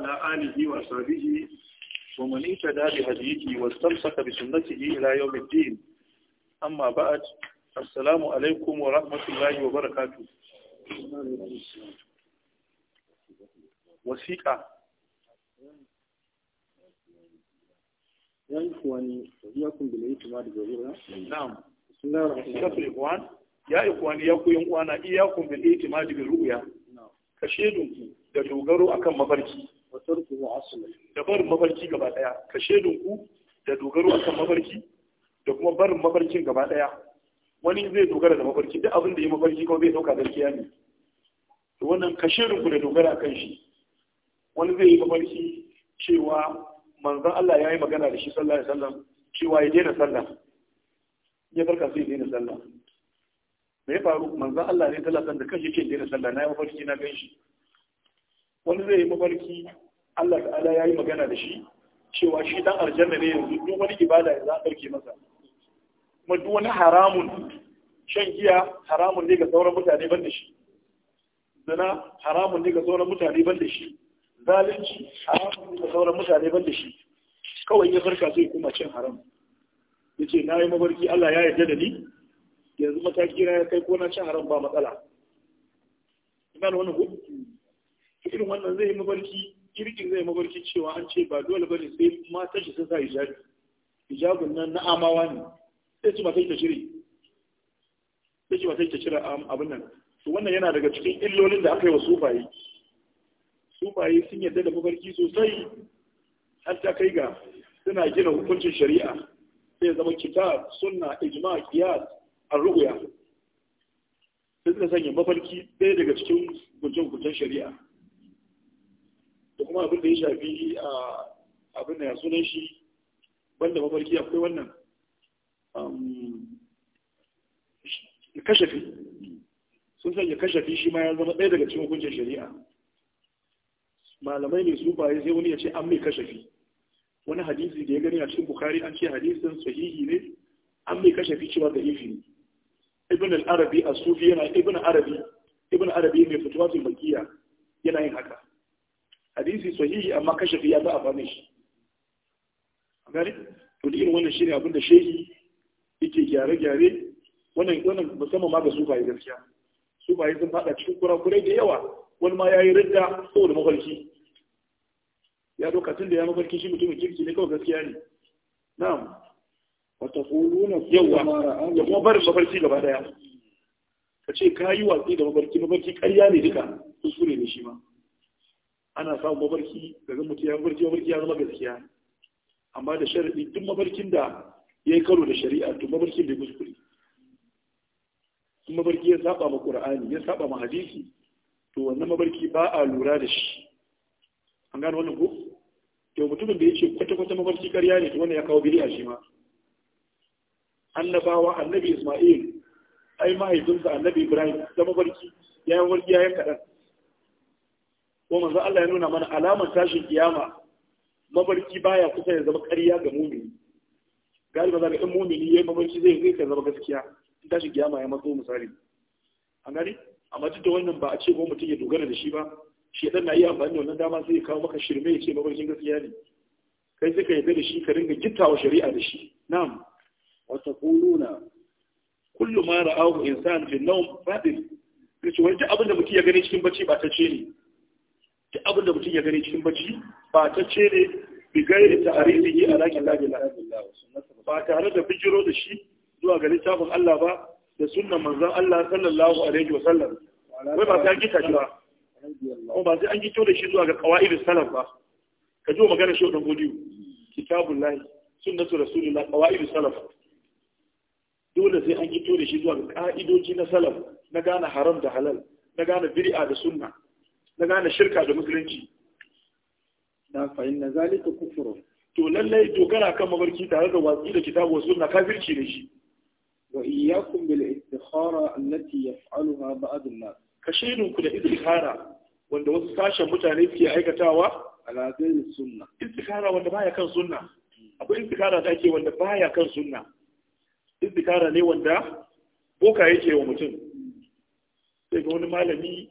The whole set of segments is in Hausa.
وعلى آله وصحبه ومن اهتدى بهديه واستمسك بسنته إلى يوم الدين أما بعد السلام عليكم ورحمة الله وبركاته wasiƙa yan kuwani ya kun bila yi tuma da zarura na'am safil kuwan ya ikuwani ya kuyin kuwana iya kun bila yi tuma ruya ka da dogaro akan mafarki wa tarkuhu aslan da barin mafarki gaba daya ka shedin ku da dogaro a kan mafarki da kuma barin mafarkin gaba daya wani zai dogara da mafarki duk abin da ya mafarki kawai zai dauka gaskiya ne to wannan ka shedin ku da dogara kan shi wani zai yi mafarki cewa manzon Allah ya yi magana da shi sallallahu alaihi wasallam cewa ya daina sallah ya farka sai ya daina sallah me ya faru manzon Allah ne sallallahu alaihi wasallam da kashi ce daina sallah na yi mafarki na gan shi. wani zai yi mafarki Allah ta'ala ya yi magana da shi cewa shi dan aljanna ne yanzu duk wani ibada ya za a ɗauke masa kuma duk wani haramun shan giya haramun ne ga sauran mutane ban da shi zina haramun ne ga sauran mutane ban da shi zalunci haramun ne ga sauran mutane ban da shi kawai ya farka zai kuma cin haram ya ce na yi mafarki Allah ya yarda da ni yanzu mataki na ya kai ko na cin haram ba matsala ina da wani hukunci irin wannan zai yi mabarki kirkin zai mabarki cewa an ce ba dole bane sai mata shi sun sa hijabi hijabun nan na amawa ne sai ci sai ta shiri sai ci sai ta shira abin nan to wannan yana daga cikin illolin da aka yi wa sufaye sufaye sun yarda da mabarki sosai har ta kai ga suna gina hukuncin shari'a sai zama kitab sunna ijma qiyas ar-ru'ya sai sanya mafarki ɗaya daga cikin gujin gujin shari'a da kuma abin da ya shafi a abin da ya sunan shi banda mafarki akwai wannan Ya kashafi sun sanya kashafi shi ma ya zama ɗaya daga cikin hukuncin shari'a malamai ne su baye sai wani ya ce an mai kashafi wani hadisi da ya gani a cikin bukari an ce hadisin sahihi ne an mai kashafi cewa da ifi ne ibn al-arabi a sufi yana ibn arabi ibn arabi mai fituwa su makiya yana yin haka hadisi sahihi amma kashafi ya za a fane shi a gani to da irin wannan shi ne abinda shehi yake gyare-gyare wannan wannan musamman ma ga sufaye gaskiya sufaye sun fada cikin kurakurai da yawa wani ma ya yi ridda saboda mafarki ya doka tun da ya mafarki shi mutumin kirki ne kawai gaskiya ne na'am wata fuluna yawa da kuma barin mafarki gaba daya ka ce ka yi watsi da mafarki mafarki karya ne duka kuskure ne shi ma ana samun mabarki daga mutum ya mabarki mabarki ya zama gaskiya amma da sharaɗi duk mabarkin da ya yi karo da shari'a tun mabarkin bai kuskure Tun mabarki ya saba ma ƙur'ani ya saba ma hadisi to wannan mabarki ba a lura da shi an gano wannan ko yau mutumin da ya ce kwata-kwata mabarki karya ne to wannan ya kawo bid'a shi ma annabawa annabi isma'il ai mahaifinsa annabi ibrahim da mabarki ya yi mabarki ya yi kaɗan ko manzo Allah ya nuna mana alamar tashin kiyama mabarki baya kusa ya zama ƙarya ga mumini galiba za ka in mumini yayi mabarki zai zai ka zama gaskiya tashin kiyama ya matso misali an gani amma duk da wannan ba a ce ko mutum ya dogara da shi ba shi na yi amfani da wannan dama sai ya kawo maka shirme ya ce mabarkin gaskiya ne kai sai ka yarda da shi ka ringa gittawa shari'a da shi na'am wa taquluna kullu ma ra'ahu insan fi nawm fadil kace wani abin da mutum ya gani cikin bacci ba ta ce ne duk abin da mutum ya gani cikin bacci ba ta ce ne bigayar da tarihi yi a lakin labila ba tare da bijiro da shi zuwa ga littafin Allah ba da sunan manzan Allah sallallahu alaihi wa sallam wai ba sai an gita shi ba ko ba sai an gito da shi zuwa ga qawaidus salaf ba ka ji magana shi dan godiyo kitabullahi sunnatu rasulillah qawaidus salaf dole sai an gito da shi zuwa ga ka'idoji na salaf na gane haram da halal na gane bid'a da sunna na gane shirka da musulunci na fa'in na zalika kufuru to lallai dogara kan mabarki tare da watsi da kitabu wasu na kafirci ne shi wa iyyakum bil istikhara allati yaf'aluha ba'd an-nas ka shaidun ku da istikhara wanda wasu sashen mutane suke aikatawa ala ghairi sunna istikhara wanda baya kan sunna akwai istikhara da ake wanda baya kan sunna istikhara ne wanda boka yake wa mutum sai ga wani malami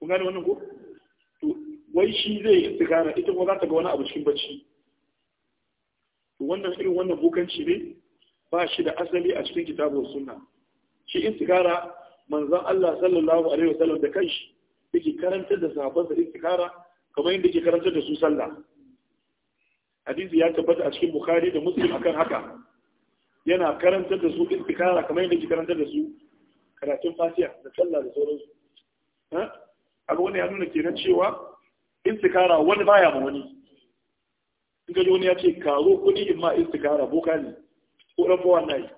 kun gane wannan ko to wai shi zai yi sigara ita kuma za ta ga wani abu cikin bacci to wannan irin wannan bukanci ne ba shi da asali a cikin kitabun sunna shi istikara manzon Allah sallallahu alaihi wasallam da kanshi yake karantar da sa istikara kamar yadda yake karantar da su sallah hadisi ya tabbata a cikin bukhari da muslim akan haka yana karantar da su istikara kamar yadda yake karantar da su karatun fasiya da sallah da sauransu kaga wani ya nuna kenan cewa istikara wani baya ma wani in ga wani ya ce karo kudi in ma istikara boka ne ko dan bawan nayi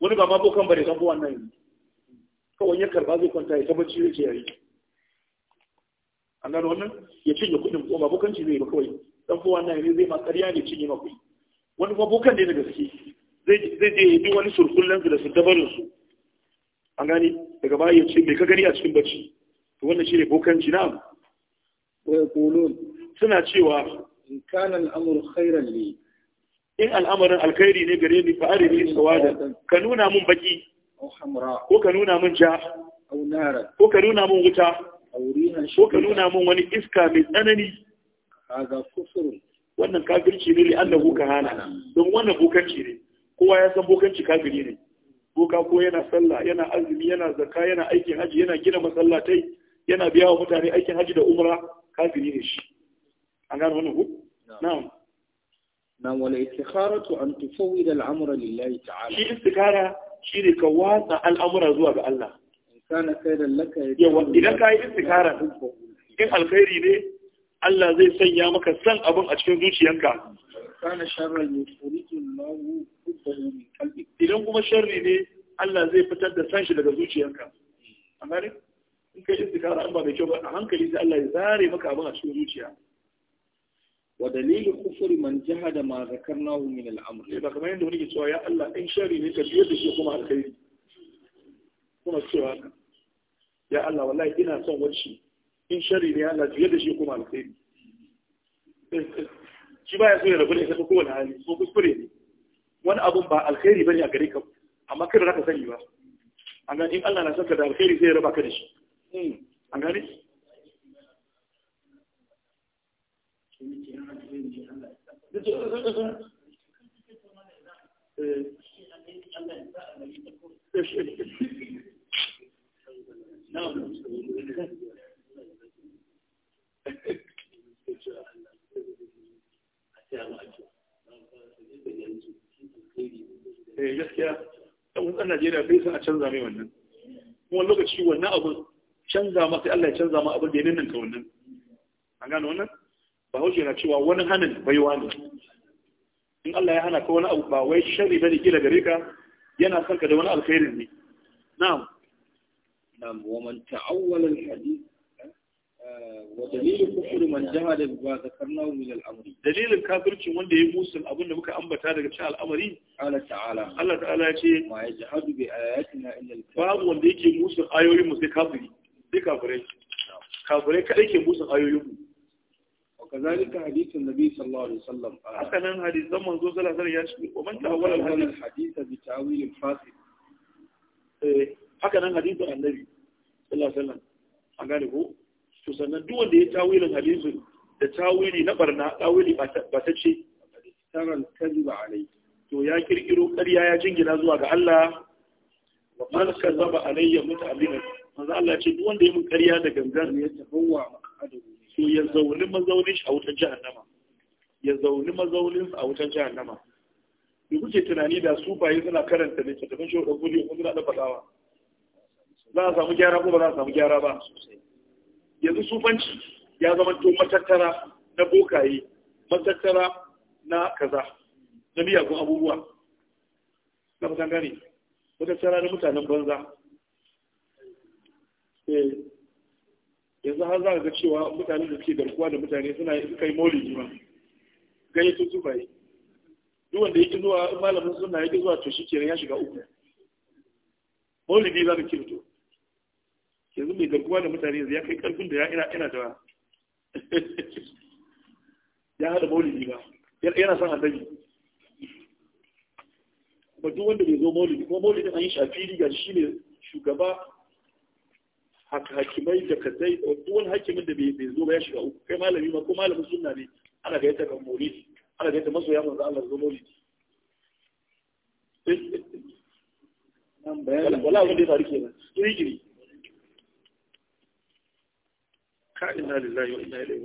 wani ba ma bokan bare dan bawan nayi kawai ya karba zai kwanta ya tabbaci yake yayi an gano wannan ya cinye kudin ko ba bokanci zai ba kawai dan bawan nayi ne zai ma ƙarya ne cinye ma kudi wani ba bokan ne na gaske zai je ya bi wani surkullen su da su dabarin su an gane daga baya ya ce me ka gani a cikin bacci wannan shine bokanci na'am wa suna cewa in kana al'amru khairan li in al'amarin alkhairi ne gare ni fa arini sawada ka nuna mun baki ko ka nuna mun ja ko ka nuna mun wuta ko ka nuna mun wani iska mai tsanani wannan kafirci ne li'annahu kahana don wannan bokanci ne kowa ya san bokanci kafiri ne boka ko yana sallah yana azumi yana zakka yana aikin haji yana gina masallatai yana biya wa mutane aikin haji da umra kafiri ne shi an gano wannan ku na'am nan wala istikharatu an tufawwida al'amra lillahi ta'ala shi istikhara shi ne ka watsa al'amura zuwa ga Allah kana kaidan laka yawa idan kai istikhara in alkhairi ne Allah zai sanya maka san abin a cikin zuciyanka kana sharran yufritu Allahu kubbahu min qalbi idan kuma sharri ne Allah zai fitar da san shi daga zuciyanka amare in kai istikara an ba mai kyau ba a hankali sai Allah ya zare maka abin a cikin zuciya wa dalilin kufuri man jahada ma zakarnahu min al-amr ba kamar yadda wani ke cewa ya Allah in shari ne ka biyar da shi kuma alkhairi kuma cewa ya Allah wallahi ina son wacce in shari ne Allah biyar da shi kuma alkhairi shi baya so ya rabu ne ta kowane hali ko kuskure ne wani abun ba alkhairi bane a gare ka amma kai ba ka sani ba amma in Allah na saka da alkhairi sai ya raba ka da shi Eh, gaskiya ɗan Najeriya bai sa a canza mai wannan kuma lokaci wannan abu canza ma sai Allah ya canza ma abin da ya ninninka wannan an gane wannan ba hausa yana cewa wani hannun baiwa ne Allah ya hana ka wani abu ba wai sharri bane kila gare ka yana son ka da wani alkhairin ne na'am na'am wa man ta'awwala al eh, wa dalil kufr man jahada bi al-amri dalilin kafirci wanda ya musul abin da muka ambata daga cikin al'amari Allah ta'ala ya ce ma babu wanda yake musul ayoyin mu sai kafiri sai kafirai kafirai ke musul ayoyin وكذلك حديث النبي صلى الله عليه وسلم حسنا حديث زمن زوج لا زال يشكي ومن تأول الحديث بتأويل فاسد hakanan hadisin annabi sallallahu alaihi wasallam an gane ko to sannan duk wanda ya tawilin hadisin da tawili na barna tawili ba ta ce taran kadhiba alai to ya kirkiro ƙarya ya jingina zuwa ga Allah wa man kadhaba alayya muta'ammidan manzo Allah ya ce duk wanda ya mun ƙarya da gangan ne ya tafawa adabu To ya zauni mazaunin shi a wutar jahannama ya zauni mazaunin a wutar jahannama da kuke tunani da su bayi suna karanta littattafan shi wadda gudu kuma suna da fadawa za a samu gyara ko ba za a samu gyara ba yanzu sufanci ya zama to matattara na bokaye matattara na kaza na miyagun abubuwa na kusan gane matattara na mutanen banza eh. yanzu har za ga cewa mutanen da suke garkuwa da mutane suna kai maulidi ma gani sun sufaye duk wanda yake zuwa malamin sunna yake zuwa to shi kenan ya shiga uku maulidi za ka to. yanzu mai garkuwa da mutane yanzu ya kai karfin da ya ina ina da ya hada maulidi ba yana son annabi ba duk wanda bai zo ko kuma maulidi an yi shafi riga shi ne shugaba حق حكمي جكتي ودون حكم النبي بيزوم ايش او كما لم يكن ما لم يكن النبي انا جيت كموري انا جيت مصر يا الله الله زمولي ولا ولا ودي تاريخي يجري كائن لله وانا اليه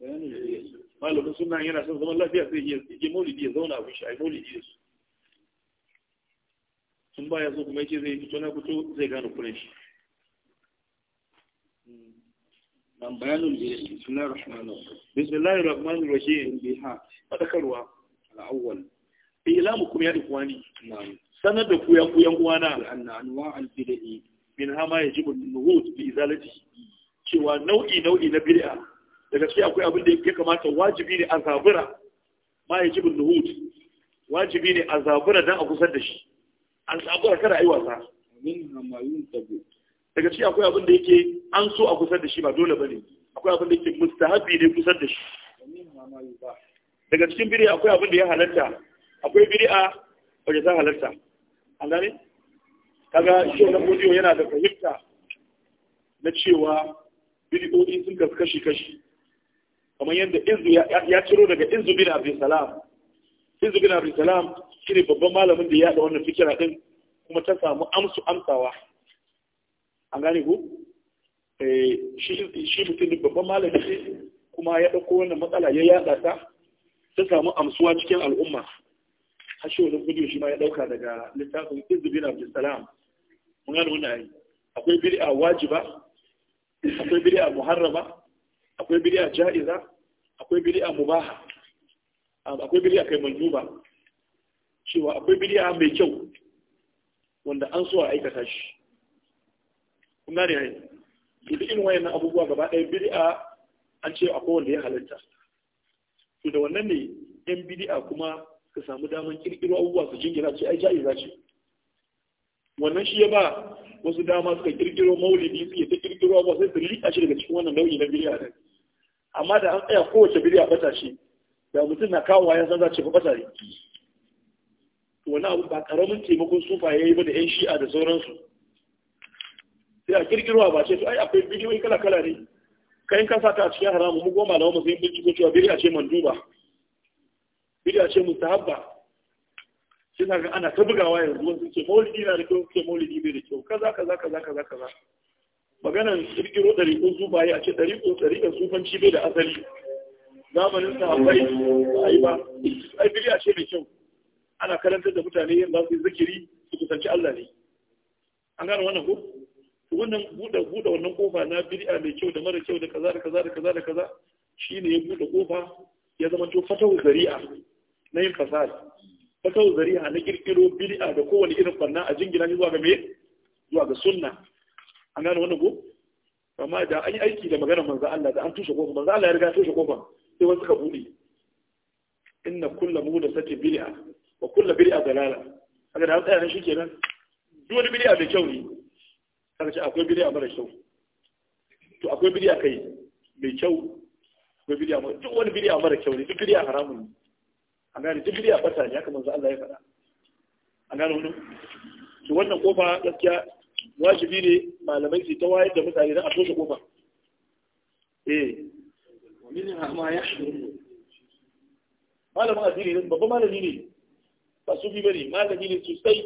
راجعون ما لو بسنا هنا سنظم الله فيها في جمولي دي زونا وشاي مولي جيسو in ba ya so kuma yake zai fito na fito zai gane kuren shi bayanin da bayanul bismillahir rahmanir rahim bismillahir rahmanir rahim biha fadakarwa al mu kuma ya kuwa na'am sanar da kuyan kuyan ku yan uwana anna anwa'ul bid'i min hama yajibu an-nuhud bi izalati cewa nau'i nau'i na bid'a da gaskiya akwai abin da ya kamata wajibi ne a zabura ma yajibu an nuhut wajibi ne a zabura dan a kusar da shi an kada a yi wasa daga ci akwai abin da yake an so a kusa da shi ba dole ba ne akwai abin da yake mustahabi ne kusa da shi daga cikin biri akwai abin da ya halatta akwai biri ba wajen ta halatta an gane kaga shi wannan bidiyo yana da fahimta na cewa bidiyoyi sun kashi-kashi kamar yadda izu ya ciro daga izu bin abin salam hizu bin abin salam shi ne babban malamin da ya da wannan fikira din kuma ta samu amsu amsawa an gane ku eh, shi mutum ne babban malamin ne kuma ya ɗauko wannan matsala ya yaɗa ta ta samu amsuwa cikin al'umma har shi wani gudu shi ma ya ɗauka daga littafin hizu bin abin salam mun gane wannan ayi akwai bid'a wajiba akwai bid'a muharrama akwai bid'a ja'iza akwai bid'a mubaha akwai biliya kai duba cewa akwai biliya mai kyau wanda an so a aikata shi kun ne ne duk irin wayannan abubuwa gaba ɗaya biliya an ce akwai wanda ya halatta to da wannan ne yan biliya kuma ka samu daman kirkiro abubuwa su jingira ce ai ja'iza ce wannan shi ya ba wasu dama suka kirkiro maulidi su ta kirkiro abubuwa sai su liƙa shi daga cikin wannan nau'i na biliya ɗin amma da an tsaya kowace ba ta shi da mutum na kawowa ya san za ce fafasa ne wani abu ba karamin taimakon sufa ya yi ba da yan shi'a da sauransu sai a kirkirwa ba ce to ai akwai bidiyoyi kala kala ne kai ka saka a cikin haramun mu goma lawa musu yin binciko cewa biri a ce manduba biri a ce mustahabba sai na ga ana ta bugawa yanzu sun ce maulidi na da kyau ce maulidi bai da kyau kaza kaza kaza kaza kaza maganan kirkiro ɗariƙun sufaye a ce ɗariƙun ɗariƙun sufanci bai da asali zamanin sahabbai ba yi ba ai bidiya ce mai kyau ana karantar da mutane yin za su yi zikiri su kusanci Allah ne an gane wannan ko wannan buɗe buɗe wannan kofa na bidiya mai kyau da mara kyau da kaza da kaza da kaza da kaza shine ya buɗe kofa ya zama to fatawu zari'a na yin fasad fatawu zari'a na kirkiro bidiya da kowane irin fanna a jingina zuwa ga me zuwa ga sunna an gane wannan ko amma da an yi aiki da maganar manzo Allah da an tushe kofa manzo Allah ya riga tushe kofa sai wasu ka buɗe inna kulla mu da sace bid'a wa kulla bid'a dalala haka da an tsaya shi kenan duk wani bid'a mai kyau ne kaga akwai bid'a mara kyau to akwai bid'a kai mai kyau akwai bid'a mara duk wani bid'a mara kyau ne duk bid'a haramun A gane duk bid'a fata ne haka manzo Allah ya faɗa an gane wani to wannan kofa gaskiya wajibi ne malamai su ta wayar da mutane don a toshe kofa eh minha ma ne babban malami ne ba su bi bane malami ne sosai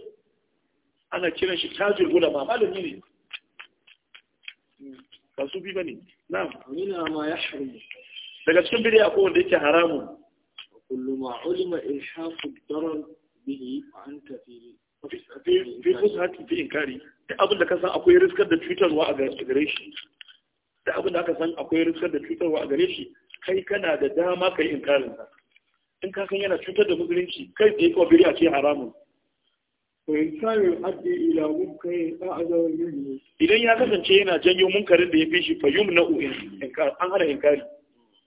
ana kiran shi tajul ulama malami ne ba su bi bane na'am minha ma daga cikin bidiya ko wanda yake haramun kullu ma ulima ilhafu darar bihi anta fi fi fi fi fi da abin da aka san akwai rikar da cutarwa a gare shi kai kana da dama kai inkarin sa in ka san yana cutar da musulunci kai tsaye kawai biri a ce haramun in kayo haddi ila munkai da azawar yuni idan ya kasance yana janyo munkarin da ya fi shi fayyum na an hana inkari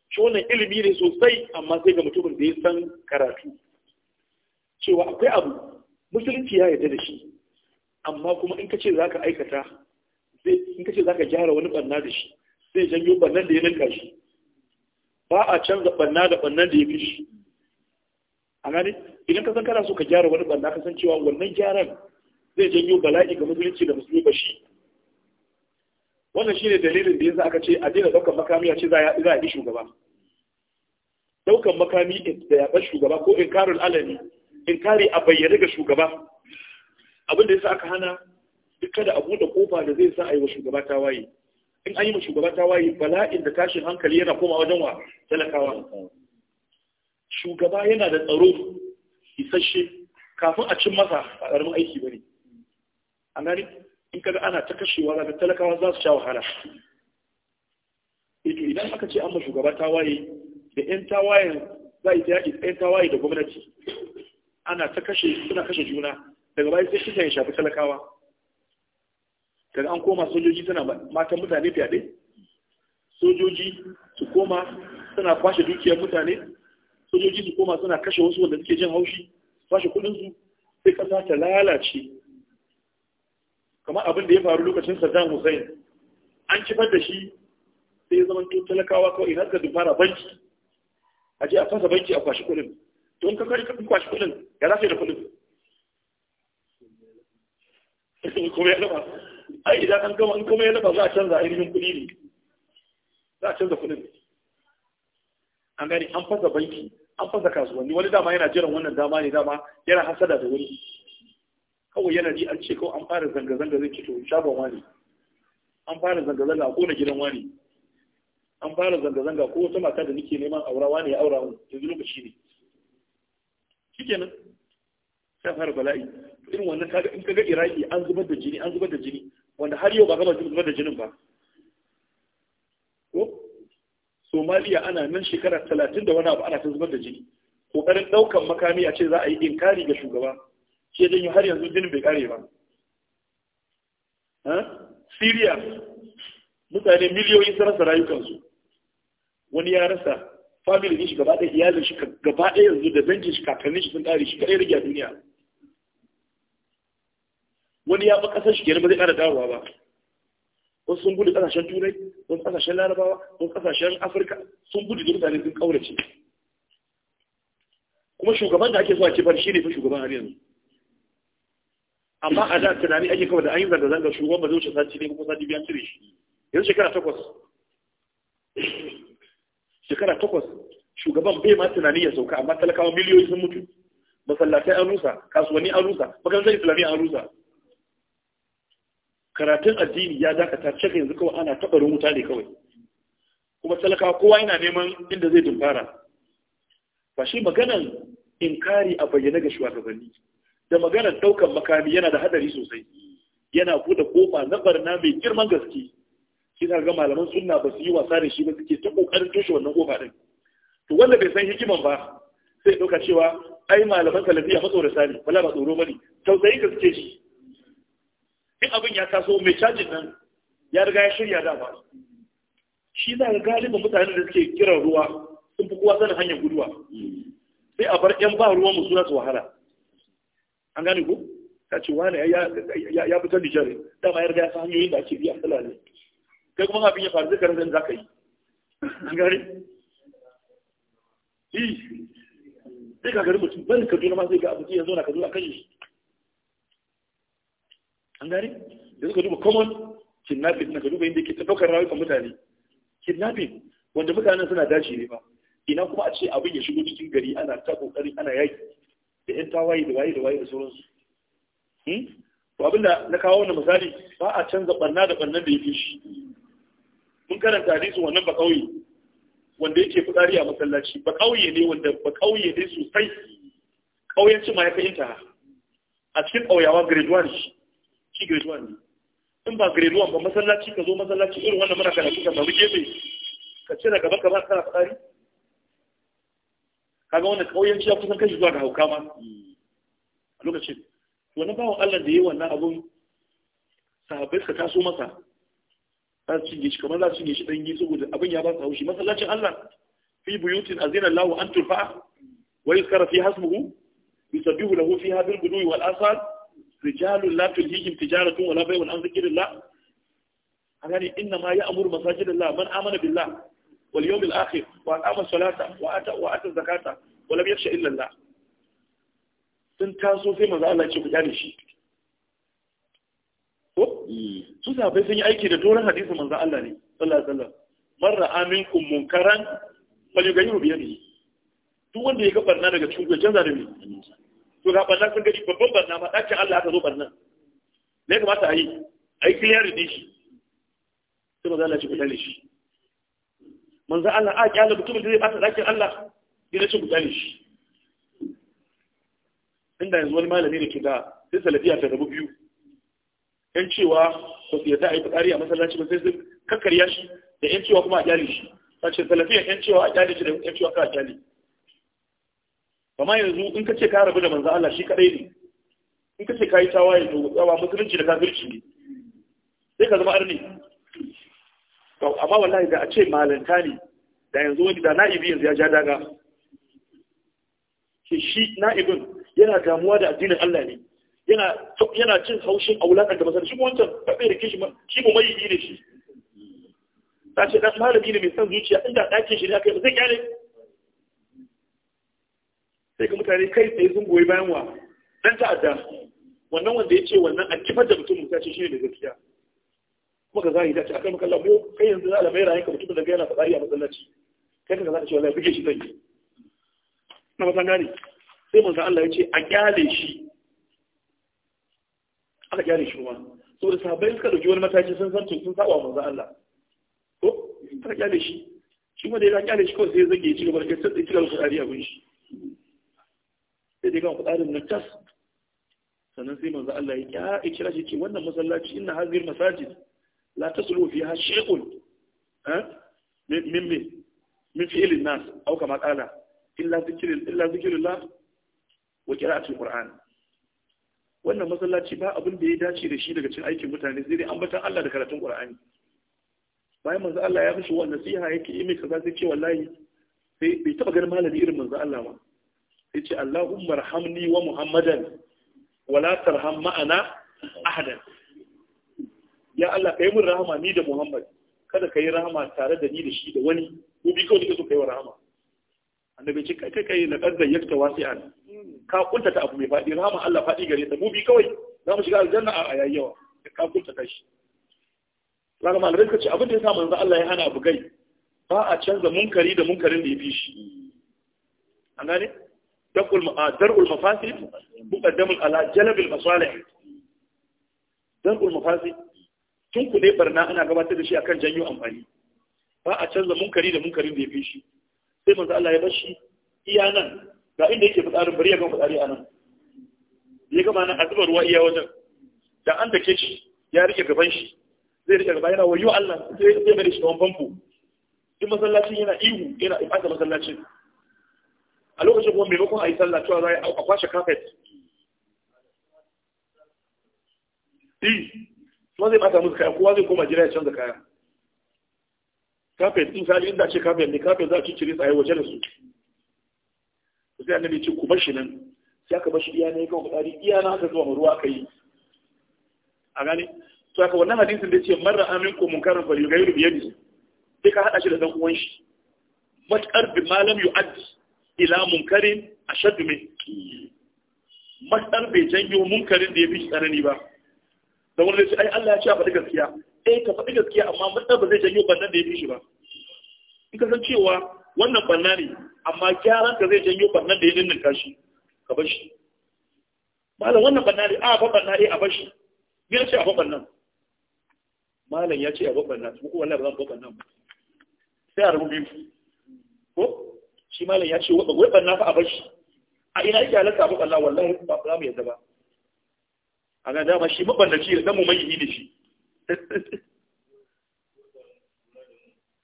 shi wannan ilimi ne sosai amma sai ga mutumin da ya san karatu cewa akwai abu musulunci ya yarda da shi amma kuma in ka ce za ka aikata in ka ce za ka gyara wani barna da shi Zai janyo bannan da ya ninka shi ba a canza banna da bannan da ya fi shi a gani idan ka san kana so ka gyara wani banna ka san cewa wannan gyaran zai janyo bala'i ga musulunci da musulmi ba shi wannan shine dalilin da yasa aka ce a daina daukar makami a ce za a yi shugaba daukan makami da yaɓar shugaba ko in inkarin alami kare a bayyane ga shugaba abin da yasa aka hana duka kada a buɗe kofa da zai sa a yi wa shugaba waye in an yi ma shugaba tawaye bala'in da tashin hankali yana koma wajen wa talakawa shugaba yana da tsaro isasshe kafin a cin masa a ƙaramin aiki bane A gani in kaga ana ta kashewa daga talakawa za su sha wahala ito eh, idan aka ce an ma shugaba tawaye da 'yan tawayen za a yi ta yaƙi 'yan tawaye da gwamnati ana ta kashe suna kashe juna daga bayan sai kisa ya shafi talakawa kaga an koma sojoji suna matan mutane fyaɗe sojoji su koma suna kwashe dukiyar mutane sojoji su koma suna kashe wasu wanda suke jin haushi kwashe kudinsu sai ƙasa ta lalace kamar abin da ya faru lokacin saddam hussein an kifar da shi sai ya zama talakawa kawai ina ka dubara banki a je a fasa banki a kwashe kudin to in ka kari kafin kwashe kudin ya za da kudin kuma ya ai idan an gama in kuma ya nufa, za a canza ainihin kuɗi ne za a canza kuɗin ne an gani an fasa banki an fasa kasuwanni wani dama yana jiran wannan dama ne dama yana hasada da wani kawai yana ji an ce kawai an fara zanga-zanga zai fito shagon wani an fara zanga-zanga a kona gidan wani an fara zanga-zanga ko wata mata da nake neman aura wani ya aura mun yanzu lokaci ne shikenan sai fara bala'i irin wannan kaga in kaga iraki an zubar da jini an zubar da jini wanda har yau ba gaba jirgin da jinin ba ko somaliya ana nan shekara talatin da wani abu ana ta zubar da jini kokarin ɗaukan makami a ce za a yi inkari ga shugaba shi ya har yanzu jinin bai kare ba siriya mutane miliyoyi sun rasa rayukansu wani ya rasa famili din shi gaba ɗaya iyalin shi gaba ɗaya yanzu da dangin shi kakannin shi sun kare shi kaɗai rage a duniya wani ya fi ƙasar shi kenan ba zai ƙara dawowa ba wasu sun gudu ƙasashen turai wasu ƙasashen larabawa wasu ƙasashen afirka sun gudu duk mutane sun ƙaurace kuma shugaban da ake so a kifar shi ne fi shugaban har yanzu amma a da tunani ake kawai da an yi zanga-zanga shugaban ba zai wuce sati ne kuma sati biyan cire shi yanzu shekara takwas shekara takwas shugaban bai ma tunani ya sauka amma talakawa miliyoyi sun mutu masallatai an rusa kasuwanni an rusa maganin zai islamiyya an rusa karatun addini ya dakata cika yanzu kawai ana taɓarin wuta ne kawai kuma talaka kowa yana neman inda zai dumfara ba shi maganan inkari a bayyana ga shugabanni da maganar ɗaukan makami yana da hadari sosai yana buɗe kofa na barna mai girman gaske shi ga malaman sunna ba su yi wasa da shi ba suke ta kokarin toshe wannan kofa din to wanda bai san hikiman ba sai ɗauka cewa ai malaman salafiya matsorasa ne wala ba tsoro bane tausayi gaske shi in abin ya taso mai cajin nan ya riga ya shirya dama shi za ga galibin mutane da suke kiran ruwa sun fi kowa sanin hanyar guduwa sai a bar yan ba mu suna su wahala an gane ko ta ce wani ya fitar nijar dama ya riga ya san hanyoyin da ake biya tsala ne kai kuma abin ya faru zai karin za ka yi an gane yi zai ka gari mutum barin kaduna ma zai ga abu ya zo na kaduna kan shi an gari da suka duba common kidnapping na ka duba inda ke ta ɗaukar rayukan mutane kidnapping wanda mutanen suna dace ne ba ina kuma a ce abin ya shigo cikin gari ana ta kokari ana yaki da yan tawaye da waye da waye da sauransu hmm? to abinda na kawo wannan misali ba a canza barna da barnan da ya fi shi mun karanta hadisi wannan ba kauye wanda yake fitsari a masallaci ba kauye ne wanda ba kauye ne sosai kauyanci ma ya fahimta. a cikin kauyawa grade 1 shi grade 1 ne in ba grade 1 ba masallaci ka zo masallaci irin wannan muna karatu ka samu gefe ka cire gaba ka ba kana fadari kaga wannan kauyen ciya kusan kashi zuwa ga hauka ma a lokacin wani bawan Allah da yi wannan abun sahabbai suka taso masa za su cinye shi kamar za su cinye shi dangi saboda abin ya ba su haushi masallacin Allah fi buyutin azina Allah an turfa wa yuzkara fi hasmuhu yusabbihu lahu fiha bil gudwi wal asal rijalun la tulhihim tijaratun wala bai'un an zikrillah a gani inna ma ya'muru masajidallah man amana billah wal yawmil akhir wa aqama salata wa ata wa ata zakata sun taso sai manzo Allah ya ce ku kyale shi ko su sahabbai sun yi aiki da doron hadisin manzo Allah ne sallallahu alaihi wasallam man ra'a minkum munkaran falyughayyiru bi yadihi duk wanda ya ga barna daga cikin canza da to da barna sun gani babban barna ma ɗakin Allah aka zo barnan ne kamata a ayi a yi kiliyar shi sai ba za a ci kudale shi manzo Allah a kyala mutumin da zai bata ɗakin Allah gida ci kudale shi inda yanzu wani malami da ke da sai salafiya ta rabu biyu yan cewa ba su yarda a yi a masallaci ba sai sun kakkarya shi da yan cewa kuma a kyale shi sace salafiya yan cewa a kyale shi da yan cewa ka a kyale amma yanzu in ka ce ka rabu da manzo Allah shi kadai ne in ka ce ka yi tawaye to tsawa musulunci da kafirci ne sai ka zama arni to amma wallahi da a ce malanta ne da yanzu wani da na'ibi yanzu ya ja daga shi shi na'ibin yana damuwa da addinin Allah ne yana yana cin haushin aulakan da masar shi ko wancan fabe da kishi shi mu mai yi ne shi ta ce dan malami ne mai son zuciya inda ɗakin shi ne ba zai kyale sai ka mutane kai tsaye sun goyi bayan wa dan ta'adda wannan wanda ya ce wannan a kifar da mutum mutaci shi ne da gaskiya kuma ka zahiri dace kai makalla mu kai yanzu za a mai rayuka mutum da gaya na faɗa a masallaci kai ka a ce wallahi buge shi zan yi na matan gane sai manzo Allah ya ce a kyale shi aka kyale shi kuma saboda sabai suka dauki wani mataki sun san sun saba manzo Allah to aka kyale shi shi ma da ya kyale shi kawai sai ya zage ya ci gaba da kai sai ya ci gaba da fadari a gun shi sai dai gama fitsarin na tas sannan sai manzo Allah ya ya kira shi ce wannan masallaci inna hazir masajid la taslu fiha shay'un ha min min min fi'lin nas aw kama qala illa zikril illa zikrullah wa qira'atul qur'an wannan masallaci ba abin da ya dace da shi daga cikin aikin mutane sai dai an bata Allah da karatun Qur'ani bayan manzo Allah ya fishi wannan nasiha yake yi mai kaza sai ce wallahi sai bai taba ganin malami irin manzo Allah ba yace Allahumma arhamni wa Muhammadan wa la tarham ma'ana ahadan ya Allah ka yi min rahama ni da Muhammad kada ka yi rahama tare da ni da shi da wani ko bi kawai kake ka yi wa rahama annabi ce kai kai kai na laqad zayyakta wasi'an ka kuntata abu mai fadi rahama Allah fadi gare ta mu bi kawai za mu shiga aljanna a yayyawa ka kuntata shi Ranar malarai suka ce abin da ya sa manzo Allah ya hana abu gai ba a canza munkari da munkarin da ya fi shi. An gane? dar'ul mafasid muqaddamun ala jalabil masalih dar'ul mafasid tun ku dai barna ana gabatar da shi akan janyo amfani ba a canza munkari da munkarin da ya fi shi sai manzo Allah ya bar shi iya nan ga inda yake fitsarin bari ya ga fitsari a nan ya gama nan a zuba ruwa iya wajen da an dake shi ya rike gaban shi zai rike gaba yana wayo Allah sai zai bari shi da famfo in masallacin yana ihu yana ibada masallacin a lokacin kuma maimakon a yi sallah cewa za a kwashe kafet ɗi e, kuma zai bata musu kaya kowa zai koma jira ya canza kaya kafet in sali inda ce kafet ne kafet za a ciccire tsaye waje da su sai annabi ce ku bashi nan sai aka bashi iya ne kan kudari iya na aka zuwa ruwa aka yi a gane to aka wannan hadisin da ce marra ko munkarin fa yugayru biyadi sai ka hada shi da dan uwan shi matkar bi malam yu'addi ila munkarin ashaddu min matsar bai janyo munkarin da ya fi tsanani ba da wani zai ai Allah ya ce a faɗi gaskiya eh ka faɗi gaskiya amma matsar ba zai janyo bannan da ya fi shi ba in ka san cewa wannan banna ne amma gyaran ka zai janyo bannan da ya ninninka kashi, ka bar shi malam wannan banna ne a fa banna ne eh, a bar shi me ya ce a fa bannan malam ya ce a fa banna ko wallahi ba zan fa bannan ba sai a rubuta ko shi malam ya ce wai banna fa a bar shi a ina yake halatta ba Allah wallahi ba za mu yadda ba a ga dama shi mabannaci da dan mu mai yi da shi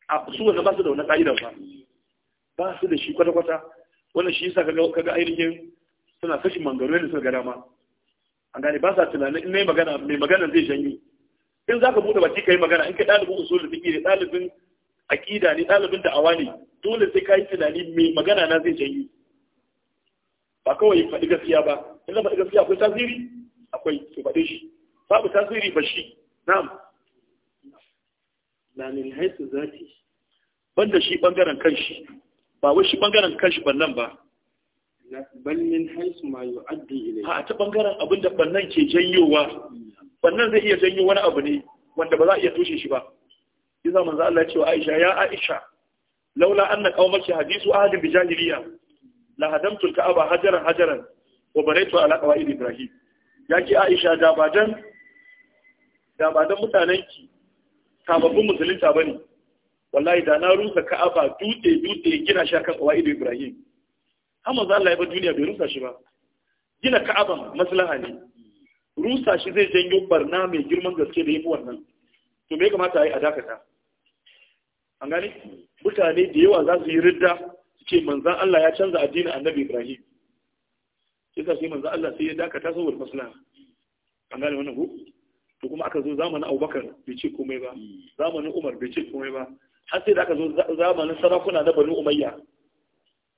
a su wanda ba su da wani ka'idar ba ba su da shi kwata-kwata wannan shi yasa kaga kaga ainihin suna kashin mangaro ne suka ga dama an gane ba sa tunanin in yi magana mai magana zai janyo in zaka bude baki kai magana in kai dalibin usul fiqh ne dalibin aƙida ne ɗalibin da awa ne dole sai ka yi tunani mai magana na zai janyi ba kawai faɗi gaskiya ba in na faɗi gaskiya akwai tasiri akwai to faɗi shi babu tasiri ba shi na'am na ne haisu zati banda shi bangaren kanshi ba wai shi bangaren kanshi bannan ba bannin min haisu ma addi ilai a ta bangaren abin da bannan ke janyowa bannan zai iya janyo wani abu ne wanda ba za a iya toshe shi ba Iza manzo Allah ya ce wa Aisha ya Aisha laula anna qaumaki hadisu ahadin bi jahiliya la hadamtu al-ka'aba hajaran hajaran wa baraitu ala qawaid Ibrahim yaki Aisha da badan da ba dan mutananki sababbin musulunta bane wallahi da na rusa ka'aba dute dute gina shi kan qawaid Ibrahim har manzo Allah ya ba duniya bai rusa shi ba gina ka'aba maslaha ne rusa shi zai janyo barna mai girman gaske da yi wannan to me kamata a yi a dakata an gani mutane da yawa za su yi ridda su ce manzan Allah ya canza addinin annabi Ibrahim sai sai manzan Allah sai ya dakata saboda maslaha an gani wannan ku to kuma aka zo zamanin Abubakar bai ce komai ba zamanin Umar bai ce komai ba har sai da aka zo zamanin sarakuna na banu Umayya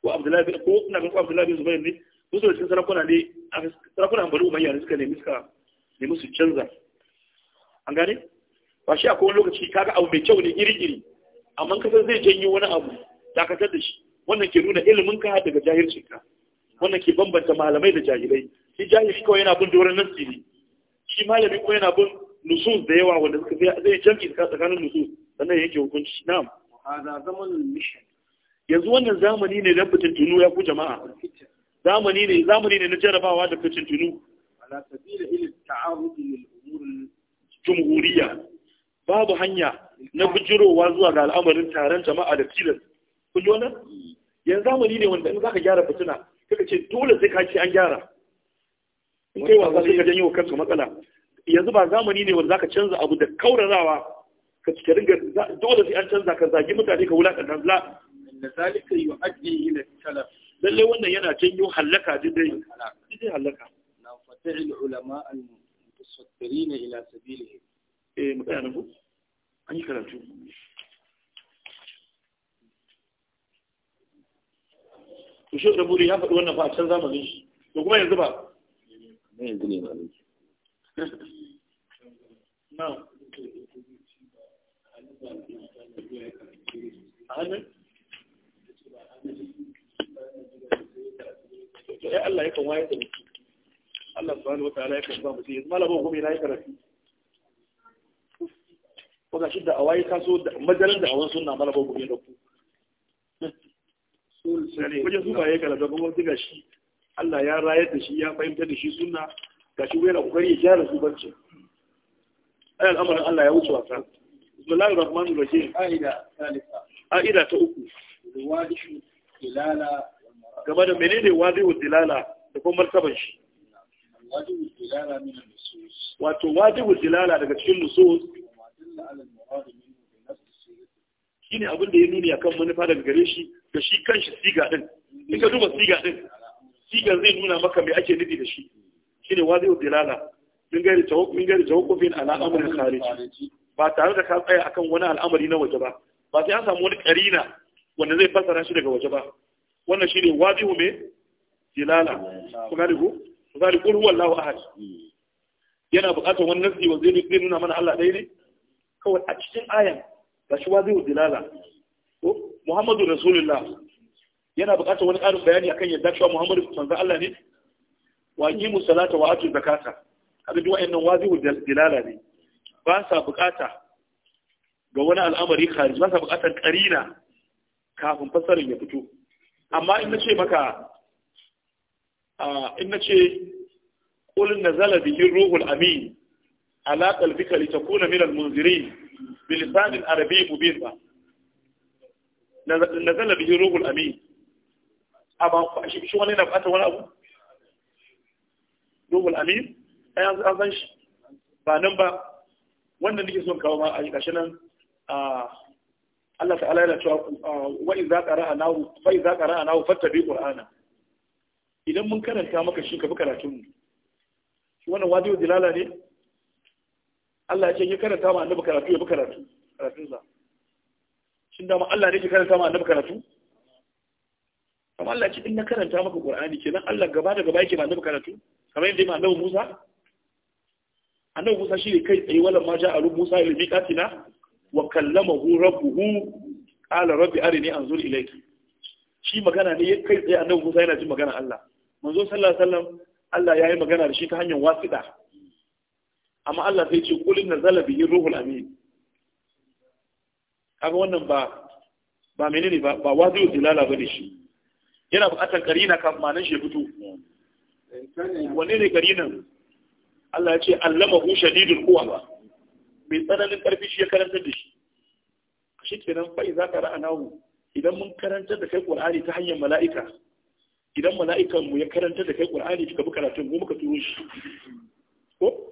ko Abdullahi bin ko ina ga Abdullahi bin Zubair ne musu da sarakuna ne sarakunan banu Umayya ne suka nemi suka nemi su canza an gani ba shi akwai lokaci kaga abu mai kyau ne iri-iri amma kasa zai janyo wani abu dakatar da shi wannan ke nuna ilimin ka daga jahilcin ka wannan ke bambanta malamai da jahilai shi jahili kawai yana bin doron nan ne shi malami kuma yana bin nusus da yawa wanda suka zai jam'i tsakanin nusus sannan yake hukunci na'am yanzu wannan zamani ne na tunu ya ku jama'a zamani ne zamani ne na jarabawa da fitintunu ala sabila ila ta'arud lil umur jumhuriyya babu hanya na bujirowa zuwa ga al'amarin taron jama'a da tilas kun yi wannan yanzu zamani ne wanda in zaka gyara fitina kaka ce dole sai ka ce an gyara in kai wasa sai ka janyo kanka matsala yanzu ba zamani ne wanda zaka canza abu da kaurarawa ka cika ringa dole sai an canza ka zagi mutane ka wulakanta la na zalika yi na talar, lalle wannan yana janyo halaka dai dai halaka na fata'il ulama al-mutasaddirin ila sabilihi Eh, ya an yi karatu a Allah ya kan wayar da Allah subhanahu wa ta'ala ya kan ba mutum yanzu hukumi na ya karatu shi da ka so majalar da awan sunna mana ba gobe da ku kuje su ba ya kala da kuma diga shi Allah ya rayar da shi ya fahimta da shi sunna ga shi wayar kokari ya jara su bacci ai al'amarin Allah ya wuce wasa bismillahir rahmanir rahim aida salisa aida ta uku wadihu dilala game da menene wadihu dilala da kuma martaban shi wadihu dilala min nusus wato wadihu dilala daga cikin nusus shi ne abin da ya nuni akan manufa daga gare shi da shi kan shi siga din in ka duba siga din sigan zai nuna maka mai ake nufi da shi shi ne wazi dilala min gari tawakkufin gari tawakkufin ala amrin khariji ba tare da ka tsaya akan wani al'amari na waje ba ba sai an samu wani karina wanda zai fassara shi daga waje ba wannan shi ne wazi me dilala kuma rigo kuma rigo huwallahu ahad yana buƙatar wani nasi wanda zai nuna mana Allah ɗaya ne kawai a cikin ayan gashi wa dilala Muhammadu Rasulullah yana buƙatar wani karin bayani akan yadda cewa Muhammadu manzo Allah ne wa aqimu salata wa atu zakata kaga duk wazi wazihu dilala ne ba sa buƙata ga wani al'amari kharij ba sa bukatar karina kafin fasarin ya fito amma in nace maka in nace qul nazala bihi ruhul amin ala qalbika litakuna min al-munzirin bi lisan arabi mubin ba nazala bihi ruhul amin aba shi wani na fata wani abu ruhul amin ai an san shi ba nan ba wannan nake son kawo ma a gashi nan Allah ta'ala yana cewa wa idza qara'a nahu fa idza qara'a idan mun karanta maka shi ka bi karatun mu shi wannan wadiyo dilala ne Allah ya ce ya karanta ma annabi karatu ya bi karatu karatun sa shin da ma Allah ne ke karanta ma annabi karatu amma Allah ya ce in na karanta maka Qur'ani kenan Allah gaba da gaba yake ma annabi karatu kamar yadda ma annabi Musa annabi Musa shi ne kai tsaye walan ma ja'a Musa ila miqatina wa kallamahu rabbuhu qala rabbi arini anzur ilayki shi magana ne kai tsaye annabi Musa yana jin magana Allah manzo sallallahu alaihi wasallam Allah ya yi magana da shi ta hanyar wasiɗa amma Allah sai ce kulin na zalabi yin ruhul amin kaga wannan ba ba menene ba ba waziyu dilala ba da shi yana buƙatar karina kan manan shi fito Wani ne karinan Allah ya ce allama hu shadidul quwa ba mai tsananin karfi shi ya karanta da shi shi kenan fa ka qara'nahu idan mun karanta da kai qur'ani ta hanyar mala'ika idan mala'ikan mu ya karanta da kai qur'ani kika bi karatun mu muka turo shi ko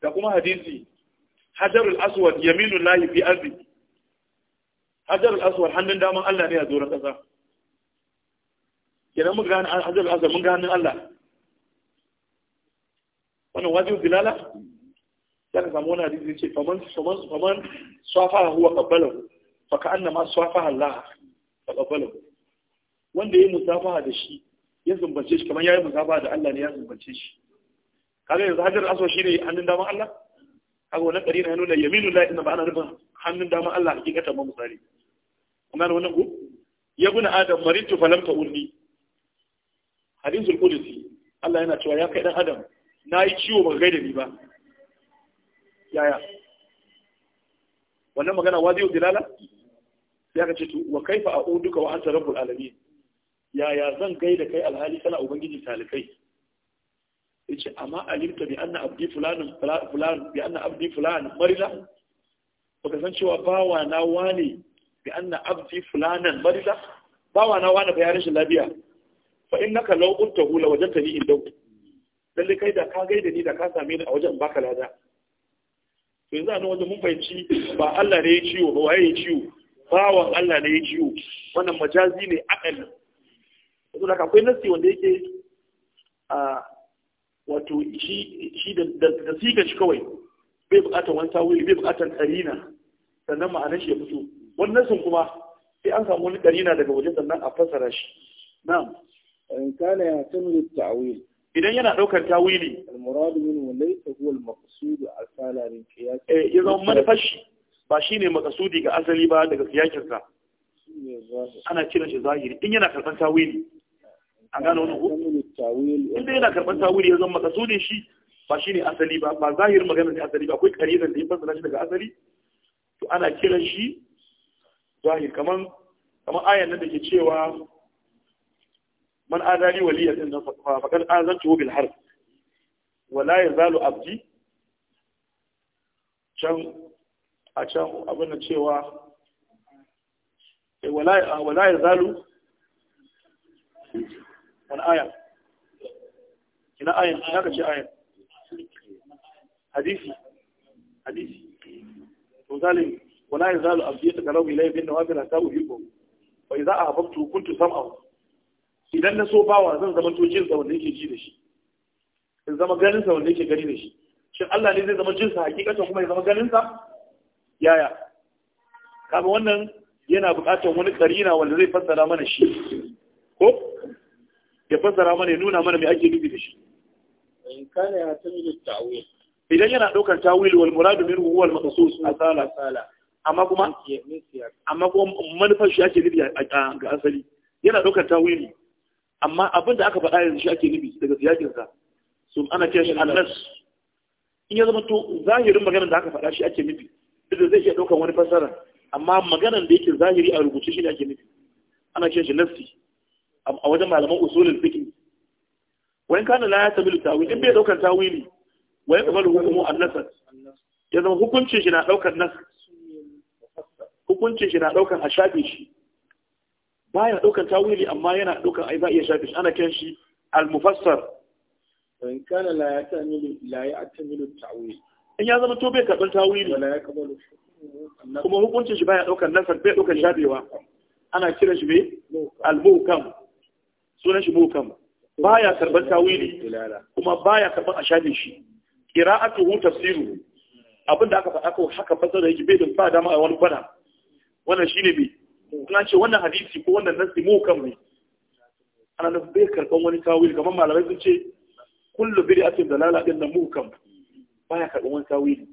da kuma hadisi hajarul aswad yaminul lahi fi ardi hajarul aswad hannun daman Allah ne a doron kasa kenan mun gane hajarul aswad mun gane Allah wannan wajibu bilala? sai ka samu wani hadisi ce faman faman faman swafa huwa qabbalahu fa ka annama swafa Allah fa qabbalahu wanda yayi musafaha da shi ya zumbace shi kamar yayi musafaha da Allah ne ya zumbace shi kaga yanzu hajar shi shine hannun daman Allah kaga wannan dari na nuna yaminu la inna ba ana nufin hannun daman Allah hakikatan ba misali kuma da wannan ku ya guna adam maritu falam ta'unni hadisul qudsi Allah yana cewa ya kai dan adam nayi ciwo ba gaida ni ba yaya wannan magana wadiyu dilala sai aka ce to wa kaifa a'uduka wa anta rabbul alamin yaya zan gaida kai alhali kana ubangiji talikai yace amma alimta bi anna abdi fulan fulan bi anna abdi fulan marida baka san cewa bawa na wani bi anna abdi fulanan marida bawa na wani ya rashin lafiya fa innaka law qultahu la wajadtani indahu lalle kai da ka gaida ni da ka same ni a wajen baka lada to yanzu a wajen mun fahimci ba Allah ne ya ciwo ba waye ya ciwo bawan Allah ne ya ciwo wannan majazi ne akali saboda akwai nasi wanda yake a ah, wato shi da sigar shi kawai bai bukatar wani tawili bai bukatar karina sannan ma'anar shi ya fito wannan sun kuma sai an samu wani karina daga waje sannan a fassara shi na'am in kana ya tamri ta'wil idan yana daukar tawili al muradu min laysa huwa al-maqsud asala min qiyas eh ba shine maqsudi ga asali ba daga kiyakinsa ana kiran shi zahiri in yana karban tawili A gano wani uku inda yana karɓar tawuri ya zama makasudin shi ba shi ne asali ba ba zahirin magana ne asali ba akwai karinan da ya fassara shi daga asali to ana kiran shi zahir kaman kaman ayan nan da ke cewa man adali waliya zan nan faqad azantu bil harb wala yazalu abdi can a can abin da cewa eh, wala yazalu wani aya ina ayan? ina ka ce aya hadisi hadisi to zalim wala yazalu abdi yataqarrabu ilayya bin nawafil hatta uhibbu fa idza ahabbtu kuntu sam'a idan na so bawa zan zama to jin wanda yake ji da shi in zama ganin sa wanda yake gani da shi shin Allah ne zai zama jin sa hakikatan kuma ya zama ganin sa yaya kaga wannan yana buƙatar wani karina wanda zai fassara mana shi ko ya fassara mana ya nuna mana mai ake nufi da shi in kana ya tamilu ta'wil idan yana daukar ta'wil wal muradu min huwa al maqsus asala amma kuma amma kuma manufar shi ake nufi ga asali yana daukar ta'wili amma abin da aka faɗa yanzu shi ake nufi daga siyakin sa sun ana kiran shi annas in ya zama to zahirin maganar da aka faɗa shi ake nufi Idan zai iya daukar wani fassara amma maganar da yake zahiri a rubuce shi ne ake nufi ana kiran shi nafsi. a wajen malaman usulul fiqh wani kana la ya tabi tawil in bai daukar tawili wa ya kabar an nasar. ya zama hukuncin shi na daukar nasar. hukuncin shi na daukar a shafe shi baya daukar tawili amma yana daukar ai ba iya shafe shi ana kiran shi al-mufassar in na ya tabi la ya tabi tawil in ya zama to bai karban tawili kuma hukuncin shi baya daukar nasar bai daukar shafewa ana kiran shi bai albu kan. sunan shi Ba ya karban tawili kuma ba karɓar karban shafin shi tuhu tafsiru. abinda aka faɗa ko haka da yake bai da ba dama a wani kwana wannan shine bi kuma ce wannan hadisi ko wannan nasi mukam ne ana da bai karban wani tawili kamar malamai sun ce kullu bid'atin dalala mu nan Ba ya karban wani tawili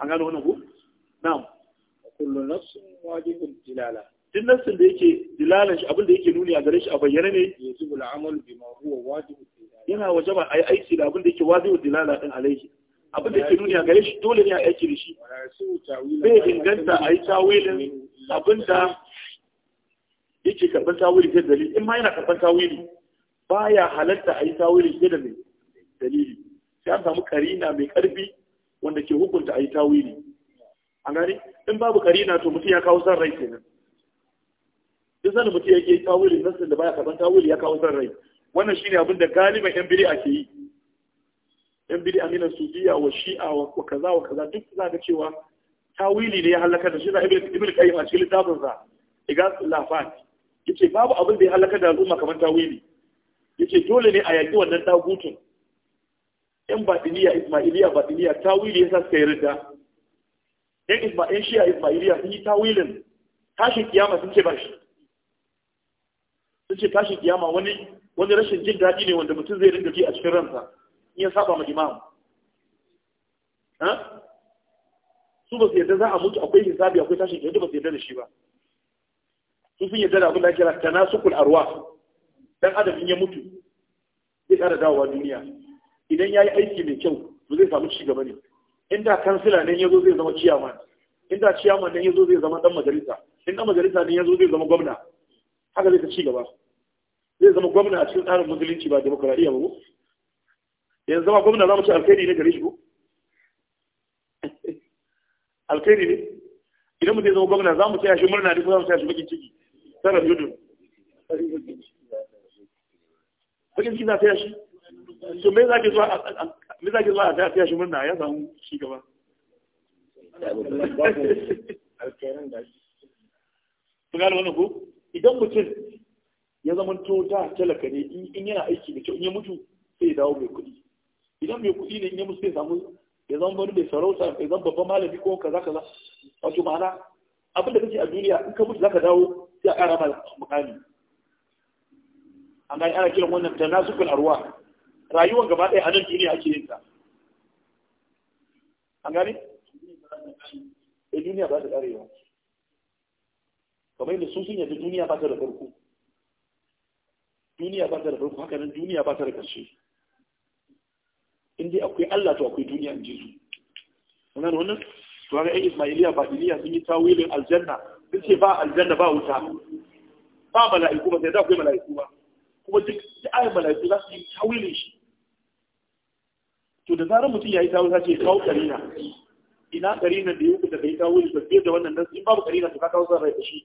an gano wannan ko na'am kullu nafsin wajibun dalala duk nassin da yake dilalan shi abin da yake nuni a gare shi a bayyane ne yajibu al'amal bima huwa wajibu yana wajaba ai aiki da abin da yake wajibu dilala din alaihi abin da yake nuni a gare shi dole ne a aiki da shi bai inganta ai tawilin abin da yake karban tawili da dalili in ma yana karban tawili baya halatta ai tawili da dalili sai an samu karina mai ƙarfi wanda ke hukunta ai tawili a gani in babu karina to mutum ya kawo san rai kenan sani mutum yake yi tawili nassin da baya karban tawili ya kawo san rai wannan shine abin da galiban yan bid'a ke yi yan bid'a min sufiya wa shi'a wa kaza wa kaza duk za ka cewa tawili ne ya halaka da shi da ibnu kai a cikin littafin sa igasul lafat yace babu abin da ya halaka da al'umma kamar tawili yace dole ne a yaki wannan dagutun yan batiniya ismailiya batiniya tawili yasa suka yi ridda yan isma'il shi'a ismailiya sun yi tawilin tashin kiyama sun ce ba shi sun ce tashin kiyama wani wani rashin jin daɗi ne wanda mutum zai rinka ji a cikin ransa in ya saba ma imam su ba su yarda za a mutu akwai hisabi akwai tashin kiyama ba su yarda da shi ba su sun yarda da abin da kira tanasukul arwa dan adam in ya mutu zai ƙara dawowa duniya idan ya yi aiki mai kyau to zai samu ci gaba ne in da kansila ne ya zo zai zama ciyaman in da ciyaman ne ya zo zai zama dan majalisa in dan majalisa ne ya zo zai zama gwamna haka zai ta ci gaba zai zama gwamna a cikin tsarin musulunci ba demokuraɗiyya ba yanzu zama gwamna za mu ci alkhairi ne gare shi ko alkhairi ne idan mu zai zama gwamna za mu ci shi murna ne ko za mu ci shi bakin ciki sarar yudun bakin ciki za a tsaya shi to me za ke zuwa me za ke zuwa a tsaya shi murna ya samu ci gaba Kun gane wannan ko? idan mutum ya to da talaka ne in yana aiki da kyau in ya mutu sai ya dawo mai kuɗi idan mai kuɗi ne in ya mutu sai samu ya zama wani mai sarauta ya zama babban malami ko kaza kaza wato ma'ana abin da kake a duniya in ka mutu zaka dawo sai a ƙara mai mukami an gani ana kiran wannan da tanasukul arwa rayuwar gaba ɗaya a nan duniya ake yin ta an gani a eh, duniya ba ta ƙarewa kamar yadda su sun yadda duniya ba ta da farko duniya ba ta da farko haka nan duniya ba ta da ƙarshe in dai akwai Allah to akwai duniya in ji su wannan wannan to ga ai Ismailiya ba Iliya sun yi tawilin aljanna sun ce ba aljanna ba wuta ba mala'iku ba sai da akwai mala'iku ba kuma duk ayyukan mala'iku za su yi tawilin shi to da zarar mutum ya yi tawil ta ce kawo karina ina karina da yake da bai tawil ba sai da wannan nan in babu karina to ka kawo zan rai da shi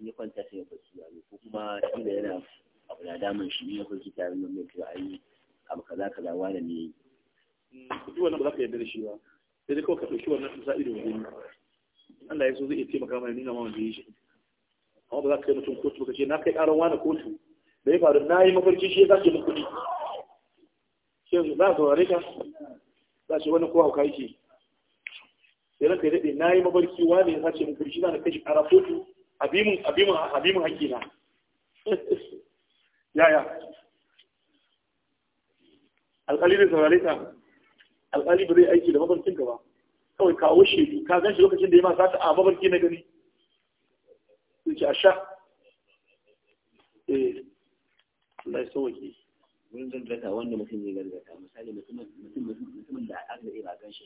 in ya kwanta sai ya bacci ya ko kuma shi da yana abu na damun shi ne ya kwanci tare da mai kira ayi abu kaza kaza wani ne ya yi. duk wannan ba za ka yarda da shi ba sai dai kawai ka ɗauki wannan tusa ido wajen Allah ya so zai iya taimaka mana nuna ma wanda ya shi amma ba za ka kai mutum kotu ba ka ce na kai ƙaran wani kotu da ya faru na yi mafarki shi ya ke min kuɗi shi yanzu za a saurare ka za a ce wani ko hauka yake sai ranka ya daɗe na yi mafarki wani ya sace min kuɗi shi za a kashe ƙara kotu Abi habimin habimin na? yaya alƙali da saurare ta alƙali ba zai aiki da mafarkin gaba kawai kawo shedu ka gan shi lokacin da ya ma za ta a mafarki na gani sun ce a sha eh Allah ya sauwaƙe wurin gargata wanda mutum ya gargata misali mutum da aka da iya gan shi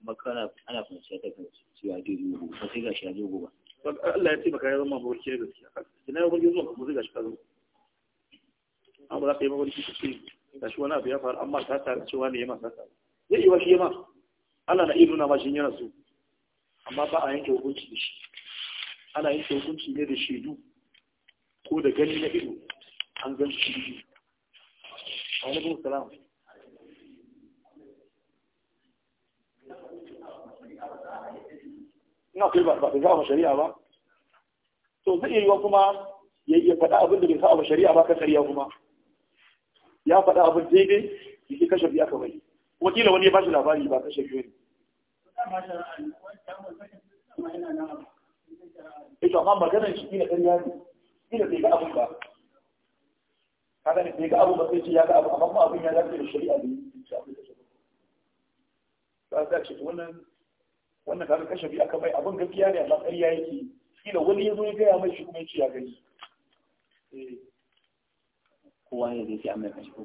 ba kuma ana kwanciya ta kan cewa zai yi gobe sai ga shi ya zo gobe Allah ya ce baka ya zama mawarki ya gaskiya ina ya wani zuwa kuma zai gashi kazo an ba za ka yi mawarki su ce ga shi wani abu ya faru amma ta tare cewa ne ya ma ta zai yi wasu shi ma Allah na iya nuna ma shi yana so amma ba a yanke hukunci da shi ana yanke hukunci ne da shaidu ko da gani na ido an gan shi a wani bin salam ina kai ba ta saba shari'a ba to zai iya wa kuma ya iya faɗa abin da bai ba shari'a ba ka ya kuma ya faɗa abin daidai da ke kashe biya ka bari kuma kila wani ya ba shi labari ba kashe biyu ne ita eh, amma maganar shi kila ƙarya ne kila bai ga abin ba sai ne bai ga abin ba sai ce ya ga abin amma kuma abin ya dace da shari'a ne ba za a ce wannan wannan kaga bi aka bai abin gaskiya ne Allah ƙarya yake kila wani ya zo ya gaya mai shi kuma ya ya gani eh. kowa ya zai ce amma kashe ko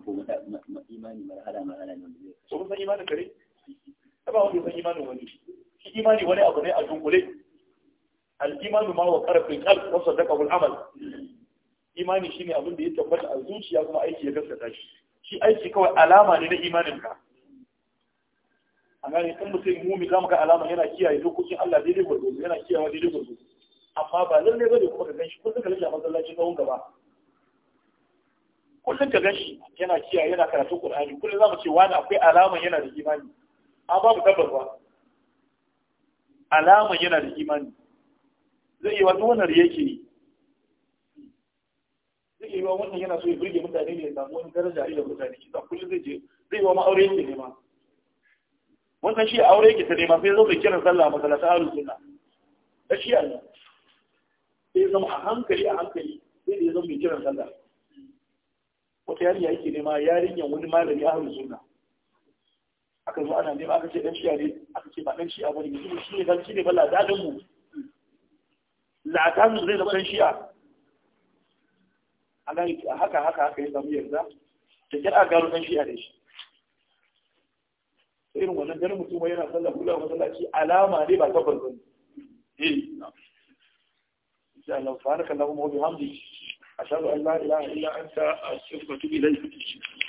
imani mara marhala ne wanda zai kashe ko san imani kare ba wani san imanin wani shi imani wani abu ne a dunkule al-imanu ma wa qarfin qalb wa sadaqa bil amal imani shine abin da ya tabbata a zuciya kuma aiki ya gaskata shi shi aiki kawai alama ne na imanin ka an gane in mutum mumi za mu ga alama yana kiyaye dokokin Allah daidai gurgudu yana kiyawa daidai gurgudu amma ba lalle bane kuma ka ganshi kullum ka lalle a masallacin tsawon gaba kullum ka ganshi yana kiyaye yana karatun Qur'ani kullum za mu ce wani akwai alama yana da imani amma babu tabbas ba alama yana da imani zai yi wani wannan yake yi zai yi wa wannan yana so ya burge mutane ne ya samu wani daraja a da mutane shi kullum zai je zai yi wa ma'aure yake ma. mun san shi aure yake ta neman sai zo bai kiran sallah masalata ahlus sunna da shi Allah sai zama a hankali a hankali sai da ya zama mai kiran sallah wata yarinya yake nema yarinyan wani malami ahlus sunna aka zo ana nema aka ce dan shiya ne aka ce ba dan shiya bane mutum shi ne dan shi ne balla da mu latan zai zama dan shi? a haka haka haka ya samu yarda da kira gano dan shiya da shi sai irin wannan ganin mutum yana sallah kula masallaci alama ne ba tabbas bane eh insha Allah subhanaka allahumma wa bihamdika ashhadu an la ilaha illa anta astaghfiruka wa atubu ilayk